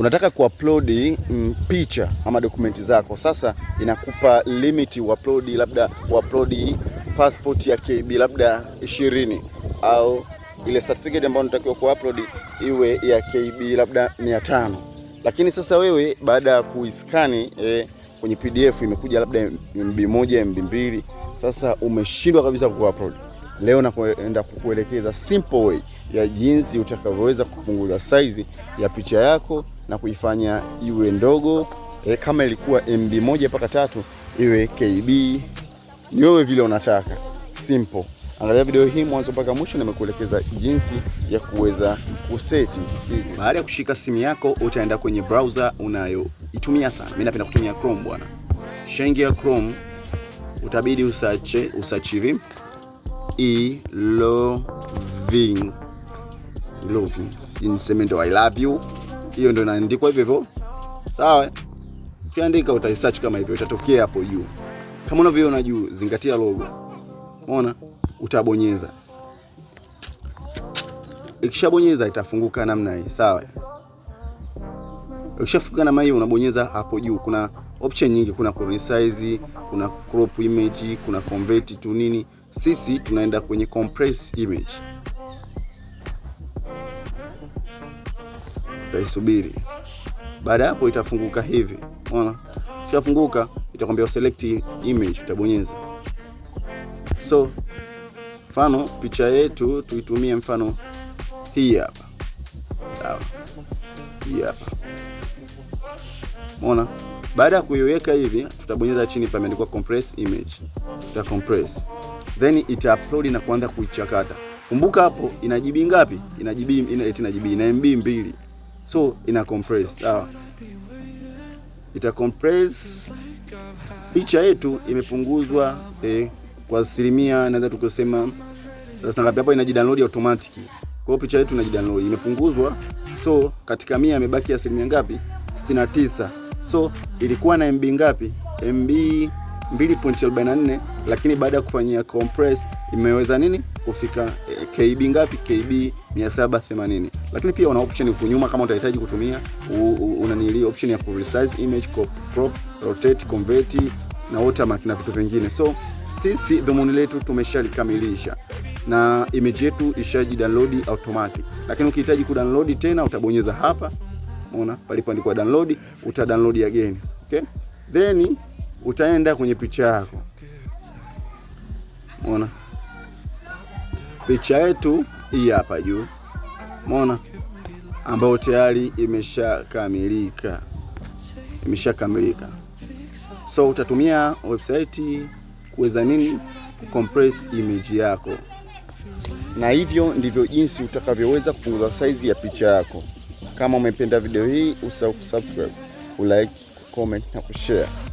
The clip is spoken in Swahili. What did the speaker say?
Unataka kuupload mm, picha ama dokumenti zako, sasa inakupa limit uupload, labda uupload passport ya KB labda 20 au ile certificate ambayo unatakiwa kuupload iwe ya KB labda 500. lakini sasa wewe baada ya kuiskani eh, kwenye PDF imekuja labda MB moja MB mbili Sasa umeshindwa kabisa kuupload. Leo naenda kukuelekeza simple way ya jinsi utakavyoweza kupunguza saizi ya picha yako na kuifanya iwe ndogo e, kama ilikuwa MB moja mpaka tatu iwe KB. Ni wewe vile unataka simple. Angalia video hii mwanzo mpaka mwisho, nimekuelekeza jinsi ya kuweza kuseti. Baada ya kushika simu yako, utaenda kwenye browser unayoitumia sana. Mimi napenda kutumia Chrome bwana. Shaingia Chrome, utabidi usache usachi hivi iloving loving, niseme ndo I love you hiyo ndio inaandikwa hivyo hivyo, sawa. Ukiandika uta search kama hivyo, itatokea hapo juu kama unavyoona juu. Zingatia logo, umeona? Utabonyeza, ikishabonyeza itafunguka namna hii, sawa. Ukishafunguka namna hii, unabonyeza hapo juu. Kuna option nyingi, kuna resize, kuna crop image, kuna convert tu nini. Sisi tunaenda kwenye compress image utaisubiri. Baada hapo itafunguka hivi, unaona, kishafunguka itakwambia select image, utabonyeza. So mfano picha yetu tuitumie, mfano hii hapa, sawa, hii hapa, unaona. Baada ya kuiweka hivi, tutabonyeza chini pameandikwa compress image, tuta compress then ita upload na kuanza kuichakata. Kumbuka hapo ina GB ngapi? Ina GB ina, eti na GB ina MB mbili. So ina compress. Sawa. Ita compress picha yetu imepunguzwa eh, kwa asilimia naweza tukasema sasa ngapi hapo download automatic. Kwa hiyo picha yetu download imepunguzwa. So katika 100 imebaki asilimia ngapi? 69. So ilikuwa na MB ngapi? MB 2.44 lakini baada ya kufanyia compress imeweza nini kufika eh, KB ngapi? KB 780. Lakini pia una option huko nyuma kama utahitaji kutumia, una nili option ya ku resize image, crop, crop, rotate, convert na watermark na vitu vingine. So sisi dhumuni letu tumeshalikamilisha na image yetu ishaji download automatic, lakini ukihitaji ku download tena utabonyeza hapa, unaona palipoandikwa download, uta download again. Okay, then utaenda kwenye picha yako, Umeona? picha yetu hii hapa juu, umeona, ambayo tayari imeshakamilika, imeshakamilika. So utatumia website kuweza nini compress image yako, na hivyo ndivyo jinsi utakavyoweza kupunguza size ya picha yako. Kama umependa video hii, usahau kusubscribe, ulike, comment na kushare.